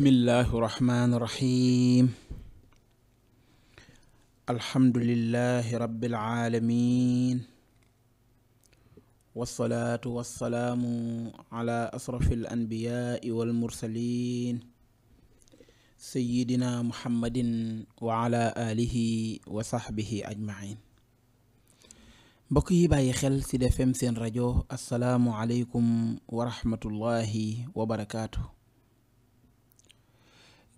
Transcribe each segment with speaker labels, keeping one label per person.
Speaker 1: bismillahi irrahmani irrahim alhamdulilahi rabiilalamin walsalaatu walsalaamu ala asrafi alanbiyaai walmursalin sayidina muhammadin wa ala alihi wa saxbihi ajmain mbokk yi bàyyi xel ci Sud FM seen rajo asalaamualeykum wa rahmatullahi wa barakaatu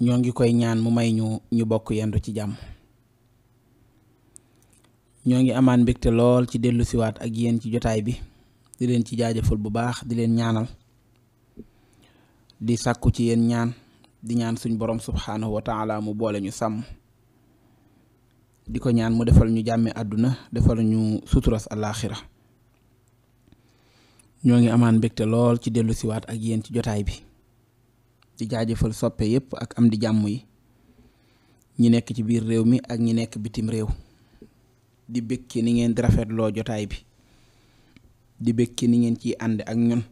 Speaker 1: ñoo ngi koy ñaan mu may ñu ñu bokk yendu ci jàmm ñoo ngi amaan mbégte lool ci dellusiwaat ak yéen ci jotaay bi di leen ci jaajëfal bu baax di leen ñaanal di sàkku ci yéen ñaan di ñaan suñ borom subhaanahu wa mu boole ñu sàmm di ko ñaan mu defal ñu jàmme àdduna defal ñu suturas alaaxira ñoo ngi amaan mbégte lool ci dellu siwaat ak yéen ci jotaay bi di jaajëfal soppe yépp ak am di jàmm yi ñi nekk ci biir réew mi ak ñi nekk bitim réew di ci ni ngeen di rafetloo jotaay bi di békki ni ngeen ciy ànd ak ñun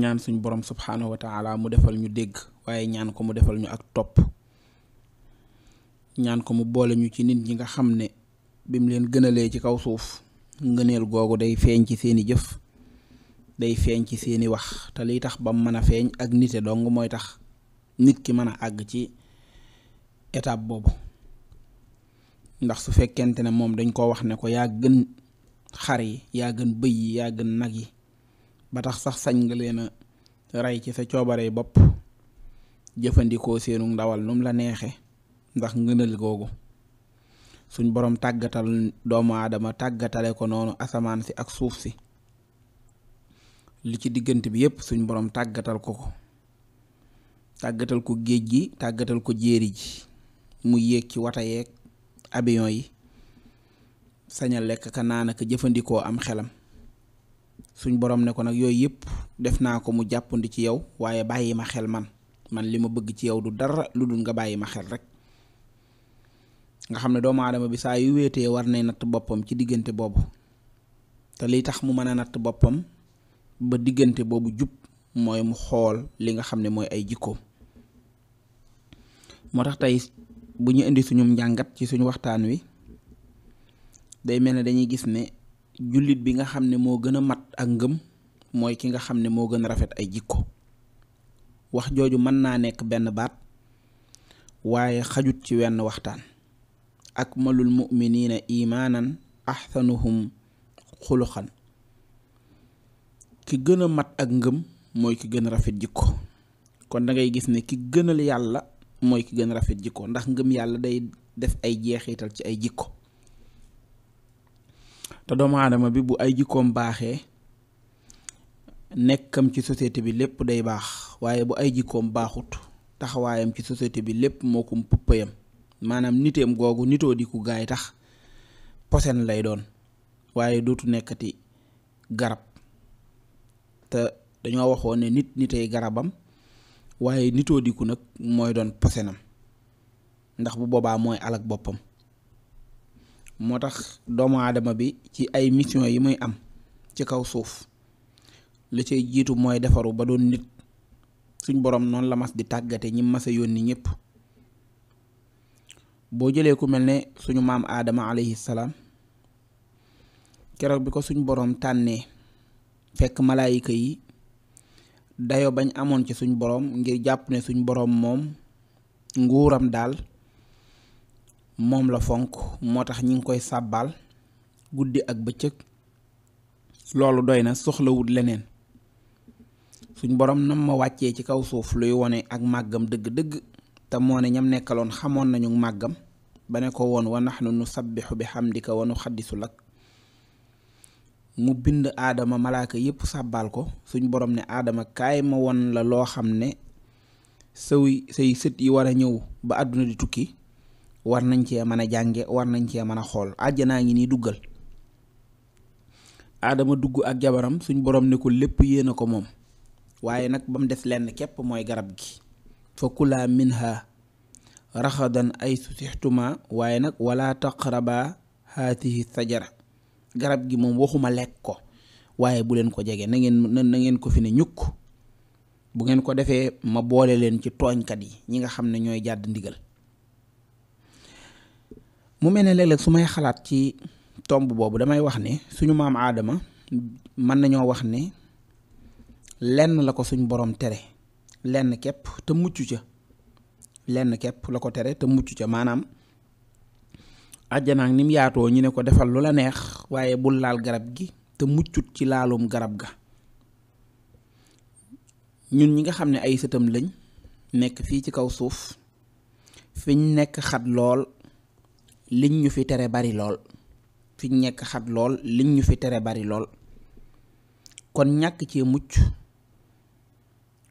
Speaker 1: ñaan suñ borom subhaanahu mu defal ñu dégg waaye ñaan ko mu defal ñu ak topp ñaan ko mu boole ñu ci nit ñi nga xam ne mu leen gënalee ci kaw suuf ngëneel googu day feeñ ci seeni jëf day feeñ ci seeni wax te liy tax ba mu mën a feeñ ak nite dong mooy tax nit ki mën a àgg ci étape boobu ndax su fekkente ne moom dañ koo wax ne ko yaa gën xar yi yaa gën bëy yi yaa gën nag yi ba tax sax sañ nga leen a rey ci sa coobaree bopp jëfandikoo seenu ndawal num la neexee ndax ngënal googu suñ boroom tàggatal doomu aadama tàggatale ko noonu asamaan si ak suuf si li ci diggante bi yépp suñ boroom tàggatal ko ko tàggatal ko géej gi tàggatal ko jéeri ji mu yéeg ci wata yeeg abiyon yi saña lekk ka naan ak jëfandikoo am xelam suñ borom ne ko nag yooyu yëpp def naa ko mu jàppandi ci yow waaye bàyyi ma xel man man li ma bëgg ci yow du dara lu dul nga bàyyi ma xel rek nga xam ne doomu aadama bi saa yu wéetee war nay natt boppam ci diggante boobu te liy tax mu mën a natt boppam ba diggante boobu jub mooy mu xool li nga xam ne mooy ay jikkoom moo tax tey bu ñu indi suñu njàngat ci suñu waxtaan wi day mel ne dañuy gis ne jullit bi nga xam ne moo gën a mat ak ngëm mooy ki nga xam ne moo gën a rafet ay jikko wax jooju mën naa nekk benn baat waaye xajut ci wenn waxtaan ak akmalul mu'minina imaanan ahsanuhum xuluxan ki gën a mat ak ngëm mooy ki gën a rafet jikko kon da ngay gis ne ki gënal yàlla mooy ki gën rafet jikko ndax ngëm yàlla day def ay jeexital ci ay jikko te doomu aadama bi bu ay jikkoom baaxee nekkam ci société bi lépp day baax waaye bu ay jikkoom baaxut taxawaayam ci société bi lépp moo kum puppayam maanaam niteem googu nitoo di ku gaay tax posen lay doon waaye dootu nekkati garab te dañoo waxoon ne nit nitay garabam waaye nitoo diku nag mooy doon posenam ndax bu boobaa mooy alak boppam moo tax doomu aadama bi ci ay mission yi muy am ci kaw suuf la cay jiitu mooy defaru ba doon nit suñ boroom noonu la mas di tàggate ñi mase a yónni ñëpp boo jëlee ku mel ne suñu maam aadama alayhi salaam keroog bi ko suñ boroom tànnee fekk malaayika yi dayo bañ amoon ci suñ boroom ngir jàpp ne suñ boroom moom nguuram daal moom la fonk moo tax ñi ngi koy sàbbaal guddi ak bëccëg loolu doy na soxlawut leneen suñ boroom nam ma wàccee ci kaw suuf luy wone ak màggam dëgg-dëgg te moo ne ñam nekkaloon xamoon nañu màggam ba ne ko woon wa na nu sabbixu bi xam xamdika wa nu xaddisu lak mu bind aadama malaaka yépp sàbbaal ko suñ boroom ne aadama kaay ma won la loo xam ne say say sët yi war a ñëw ba àdduna di tukki war nañ cee mën a jànge war nañ cee mën a xool naa ngi nii duggal aadama dugg ak jabaram suñ borom ne ko lépp yéen ko moom waaye nag ba mu des lenn képp mooy garab gi fa kulaa minha raxadan ay su waaye nag wala taqraba sa jara garab gi moom waxuma lekk ko waaye bu leen ko jege na ngeen na ngeen ko fi ne ñukk bu ngeen ko defee ma boole leen ci tooñkat yi ñi nga xam ne ñooy jàdd ndigal mu mel ne léeg su may xalaat ci tomb boobu damay wax ne suñu maam aadama mën nañoo wax ne lenn la ko suñ boroom tere lenn képp te mucc ca lenn képp la ko tere te mucc ca maanaam àjjanaak ni mu yaatoo ñu ne ko defal lu la neex waaye bul laal garab gi te muccut ci laalum garab ga ñun ñi nga xam ne ay sëtam lañ nekk fii ci kaw suuf fiñ nekk xat lool liñ ñu fi tere bari lool fiñ nekk xat lool liñ ñu fi tere bari lool kon ñàkk cee mucc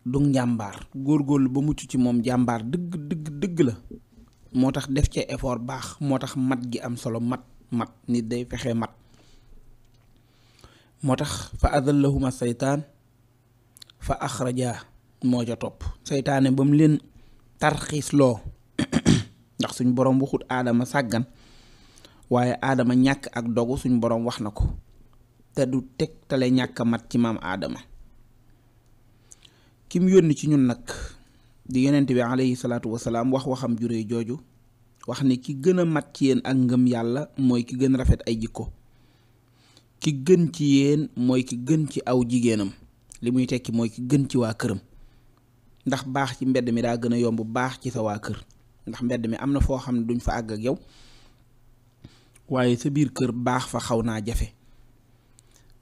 Speaker 1: du njàmbaar góorlu ba mucc ci moom jàmbaar dëgg dëgg dëgg la moo tax def cee effort baax moo tax mat gi am solo mat mat nit day fexe mat moo tax fa adallahuma seytaan fa axraja moo ca topp seytaane ba mu leen tarxiis loo ndax suñ boroom waxut aadama sàggan waaye aadama ñàkk ak dogu suñ boroom wax na ko te du tegtale ñàkk mat ci maam aadama kim yónni ci ñun nag di yonent bi alayhi salaatu wax waxam juree jooju wax ne ki gën a mat ci yéen ak ngëm yàlla mooy ki gën a rafet ay jikko ki gën ci yéen mooy ki gën ci aw jigéenam li muy tekki mooy ki gën ci waa këram ndax baax ci mbedd mi daa gën a yomb baax ci sa waa kër ndax mbedd mi am na foo xam ne duñ fa àgg ak yow waaye sa biir kër baax fa xaw naa jafe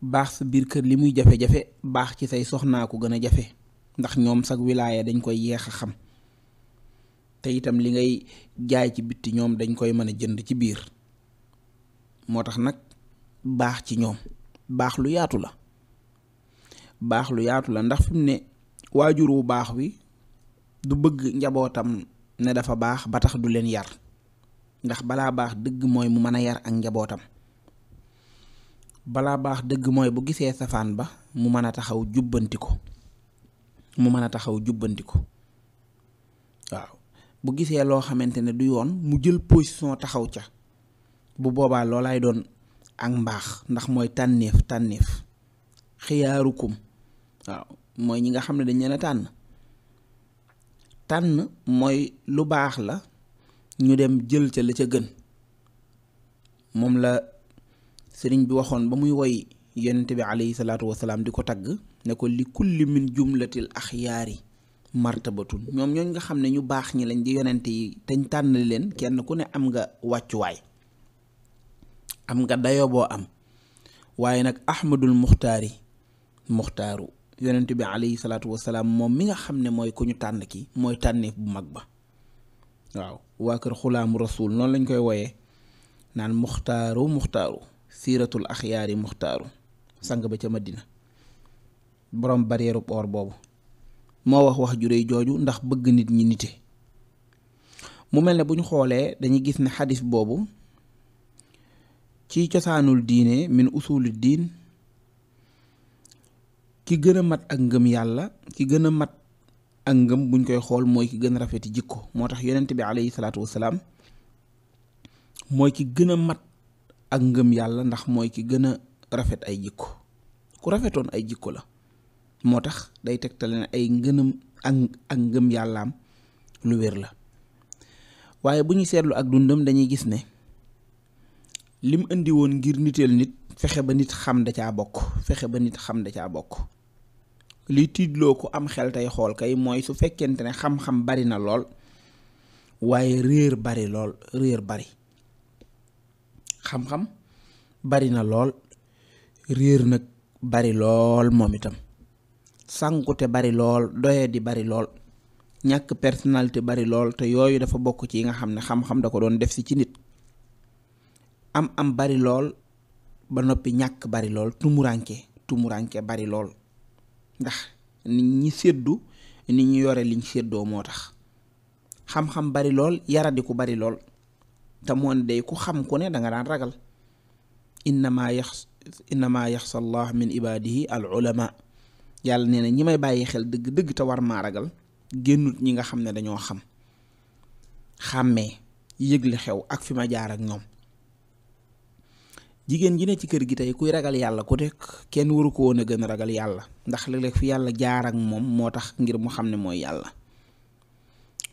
Speaker 1: baax sa biir kër li muy jafe-jafe baax ci say soxnaa ko gën a jafe ndax ñoom sax wilaaya dañ koy yeex a xam te itam li ngay jaay ci bitti ñoom dañ koy mën a jënd ci biir moo tax nag baax ci ñoom baax lu yaatu la baax lu yaatu la ndax fi mu ne waajur wu baax wi du bëgg njabootam ne dafa baax ba tax du leen yar ndax balaa baax dëgg mooy mu mën a yar ak njabootam balaa baax dëgg mooy bu gisee safaan ba mu mën a taxaw jubbanti ko mu mën a taxaw jubbanti ko waaw bu gisee loo xamante ne du yoon mu jël position taxaw ca bu boobaa loolaay doon ak mbaax ndax mooy tànneef tànneef xiyaarukum waaw mooy ñi nga xam ne dañ leen a tànn tànn mooy lu baax la ñu dem jël ca la ca gën moom la sëriñ bi waxoon ba muy woy yonent bi alayhi salaatu wasalaam di ko tagg ne ko li kulli min jumlatil axyaari martabatun ñoom ñooñ nga xam ne ñu baax ñi lañ di yonent yi te ñu tànn leen kenn ku ne am nga wàccuwaay am nga dayo boo am waaye nag ahmadul muxtaari muxtaaru yonent bi alayhi salaatu wasalaam moom mi nga xam ne mooy ku ñu tànn ki mooy tànneef bu mag ba waaw waa kër xulaamu rasul noonu lañ koy wooyee naan muxtaaru muxtaaru siiratul axyaari muxtaaru sang ba ca madina borom barrière or boobu moo wax wax ju jooju ndax bëgg nit ñi nite mu mel ne bu ñu xoolee dañuy gis ne xadis boobu ci cosaanul diine min usuli diin ki gën a mat ak ngëm yàlla ki gën a mat ak ngëm buñ koy xool mooy ki gën a rafeti jikko moo tax yonent bi alayhi salaatu wasalaam mooy ki gën a mat ak ngëm yàlla ndax mooy ki gën a rafet ay jikko ku rafetoon ay jikko la moo tax day tegtale ay ngënam ak ak ngëm yàllaam lu wér la waaye bu ñu seetlu ak dundam dañuy gis ne lim indi woon ngir niteel nit fexe ba nit xam da caa bokk fexe ba nit xam da bokk li tiidloo ko am xel tey xool kay mooy su fekkente ne xam-xam bari na lool waaye réer bari lool réer bari xam bari na lool réer nag bari lool moom itam sànkute bari lool doye di bari lool ñàkk personnalité bari lool te yooyu dafa bokk ci yi nga xam ne xam-xam da ko doon def si ci nit am am bari lool ba noppi ñàkk bari lool tumuranke tumuranke bari lool ndax nit ñi séddu ni ñu yore liñ séddoo moo tax xam-xam bari lool ku bari lool te moon day ku xam ku ne danga daan ragal innama yax innama yaxsa allah min ibadihi al ulama yàlla nee na ñi may bàyyi xel dëgg-dëgg te war maa ragal génnut ñi nga xam ne dañoo xam xàmmee yëg li xew ak fi ma jaar ak ñoom jigéen ji ne ci kër gi tey kuy ragal yàlla ku nekk kenn waru ko woon a gën a ragal yàlla ndax léeg-léeg fi yàlla jaar ak moom moo tax ngir mu xam ne mooy yàlla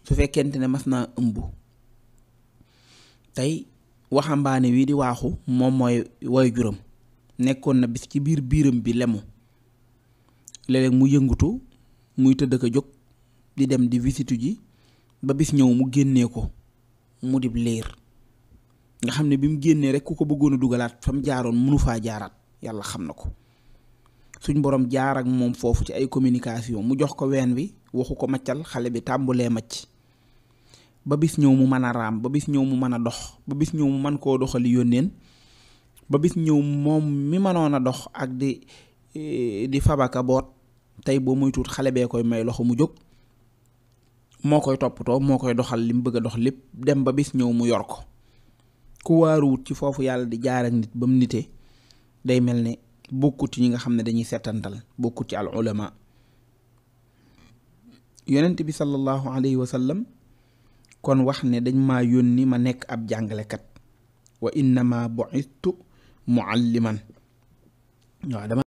Speaker 1: su fekkent ne mas naa ëmb tey waxambaane wi di waaxu moom mooy woy juram nekkoon na bis ci biir biiram bi lemu léeg mu yëngutu muy tëdd ko jóg di dem di visitu ji ba bis ñëw mu génnee ko mu dib liir nga xam ne bi mu génnee rek ku ko bëggoona dugalaat fa jaaroon mënu faa jaaraat yàlla xam na ko suñ borom jaar ak moom foofu ci ay communication mu jox ko ween wi waxu ko maccal xale bi tàmbulee macc ba bis ñëw mu mën a raam ba bis ñëw mu mën a dox ba bis ñëw mu mën koo doxali yónneen ba bis ñëw moom mi mënoon a dox ak di eh, di fabaka boot tey boo muy tuut xale bee koy may loxo mu jóg moo koy toppatoo moo koy doxal li mu bëgg a dox lépp dem ba bis ñëw mu yor ko ku waaruwut ci foofu yàlla di jaar ak nit ba mu nitee day mel ne bokkut ci ñi nga xam ne dañuy setantal bokkut ci al ulama yonent bi sallallahu alayhi wa kon wax ne dañ maa yónni ma nekk ab jàngalekat wa innama bu'istu mualliman waaw dama